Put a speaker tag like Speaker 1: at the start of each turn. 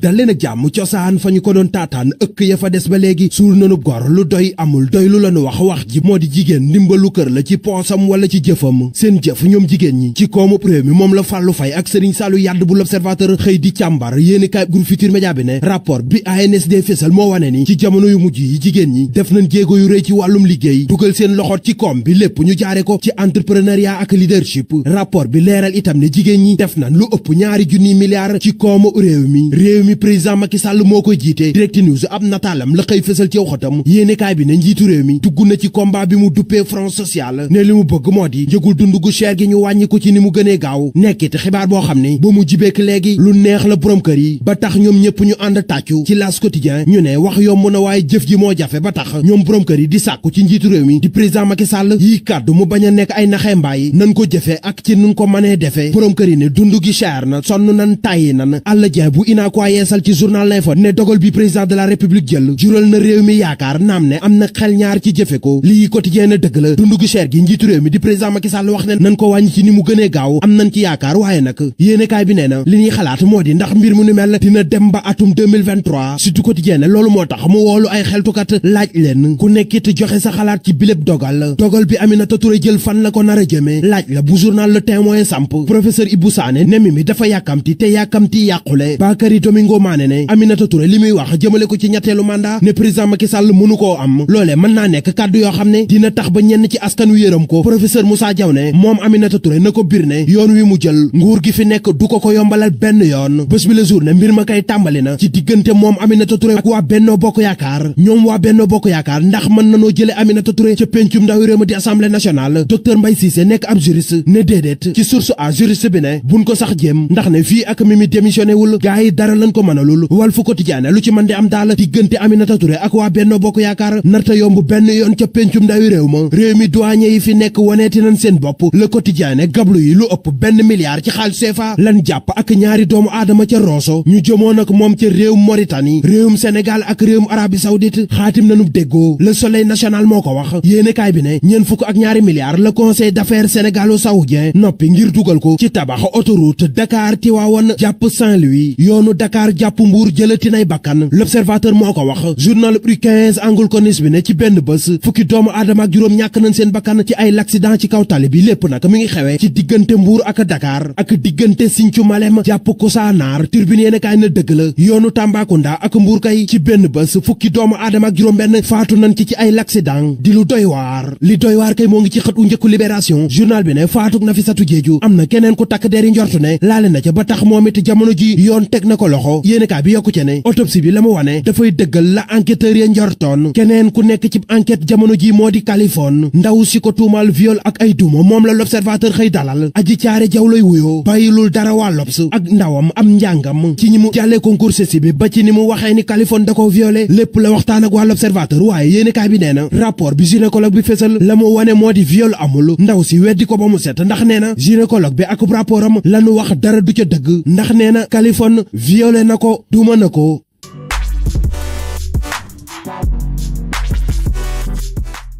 Speaker 1: dal leen ak jàmm cosaan fa ñu ko doon taataan ëkk ya fa des ba léegi suur na nanu gor lu doy amul doy lu lanu wax wax ji moo di jigéen ndimbalu kër la ci poosam wala ci jëfam seen jëf ñoom jigéen ñi ci koomu réew mi moom la fàllu fay ak sëriñ sàllu yàdd bu l'observateur xëy di càmbar yéeni kaay groupe Futurs Médias bi ne rapport bi ANSD fésal moo wane ni ci jamono yu mujj yi jigéen ñi def nañ jéego yu rëy ci wàllum liggéey dugal seen loxoot ci koom bi lépp ñu jaare ko ci entrepreneuriat ak leadership rapport bi leeral itam ne jigéen ñi def nañ lu ëpp ñaari junniy milliards ci koomu réew mi mi président Macky Sall moo koy jiite direct news ab nataalam la xëy fësal ci waxatam yéenekaay bi ne njiitu réew mi dugg na ci combat bi mu duppee front social ne li mu bëgg moo di njëgul dund gu cher gi ñu wàññi ko ci ni mu gënee gaaw nekkit xibaar boo xam ne ba mu jibeek léegi lu neex la borom kër yi ba tax ñoom ñëpp ñu ànd tàccu ci las quotidien ñu ne wax yomb na waaye jëf ji moo jafe ba tax ñoom borom kër yi di sàkku ci njiitu réew mi di président Macky Sall yi kàddu mu bañ a nekk ay naxee mbaay nan ko jëfe ak ci nun ko mënee defee borom kër yi ne dund gi cher na sonn nan tàyyi nan yeesal ci journal l'info ne dogal bi président de la république jël jural na réew mi yaakaar naam ne am na xel ñaar ci jëfe ko lii quotidien na dëgg la dund gu cher gi njiitu réew mi di président Macky na li ñuy xalaat moo di ndax mbir mu nu loolu moo tax mu woolu ay xeltukat laaj leen ku nekkit joxe sa xalaat ci biléb dogal dogal bi Aminata Touré jël fan la ko nar a jëmee laaj la bu journal Le Témoin samp professeur Ibou Sané ne mi dafa yàkkamti te yàkkamti yàqule Bakary Domingo ngo Mané né Aminata Touré li wax jëmele ko ci ñetteelu mandat né président Macky Sall mënu ko am lolé mën na nek kaddu yo xamné dina tax ba ñenn ci askan wu yërëm ko professeur Moussa Diaw né mom Aminata Touré nako bir né yoon wi mu jël nguur gi fi nek du ko ko yombalal ben yoon bi le jour ne mbir ma kay tàmbali na ci digënté mom Aminata Touré ak wa Benno Bokk yaakar ñom wa Benno Bokk yaakar ndax mën no jëlé Aminata Touré ci pencum ndaw réew ma di assemblée nationale docteur Mbaye Cissé nek am juriste ne dédét ci source a juriste bi né buñ ko sax jëm ndax né fi ak mimi démissionné wul gaay dara lañ ko mënalul Walf Quotidien lu ci mën di am daal diggante Aminata Touré ak waa Benno Bokk Yaakaar narta yomb benn yoon ca péncum ndawi réew ma réew mi douanier yi fi nekk waneeti nañ seen bopp Le Quotidien gablu yi lu ëpp benn milliard ci xaalis CFA lan jàpp ak ñaari doomu aadama ca Rosso ñu jëmoon ak moom ca réewum Mauritanie réewum Sénégal ak réewum Arabie Saoudite xaatim nanu déggoo Le Soleil national moo ko wax yéenekaay bi ne ñeent fukk ak ñaari Dakar jàpp Mbuur jëlati nay bakkan l'observateur moo ko wax journal rue 15 angle corniche bi ne ci benn bés fukki doomu aadama ak juróom ñàkk nañ seen bakkan ci ay l'accident ci kaw tali bi lépp nag mi ngi xewee ci diggante Mbuur ak Dakar ak diggante Sinthiou Malem jàpp Koussanar turbine yéen kaay na dëgg la yoonu Tambacounda ak Mbuur kay ci benn bés fukki doomu aadama juróom benn faatu nañ ci ci ay l'accident di lu doy waar li doy waar kay moo ngi ci xëtu njëkku libération journal bi ne faatug Nafisatu Jeeju am na keneen takk deri njortu ne laale na ca ba tax moom it jamono ji yoon teg na ko loxo loxo yéenekaay bi yokku ca ne autopsie bi la mu wane dafay dëggal la enquêteurs ya njortoon keneen ku nekk ci enquête jamono ji moo di Kaliphone ndaw si ko tuumal viol ak ay duma moom la l'observateur xëy dalal aji caare jaw lay wuyoo bàyyilul dara waa lobs ak ndawam am njàngam ci ñi mu jàllee concours si bi ba ci ni mu waxee ni kalifon da ko violé lépp la waxtaan ak waa l'observateur waaye yéenekaay bi nee na rapport bi gynécologue bi fésal la mu wane moo di viol amul ndaw si weddi ko ba ndax nee na gynécologue bi ak rapportam lanu wax dara du ca dëgg ndax nee na ko duma na ko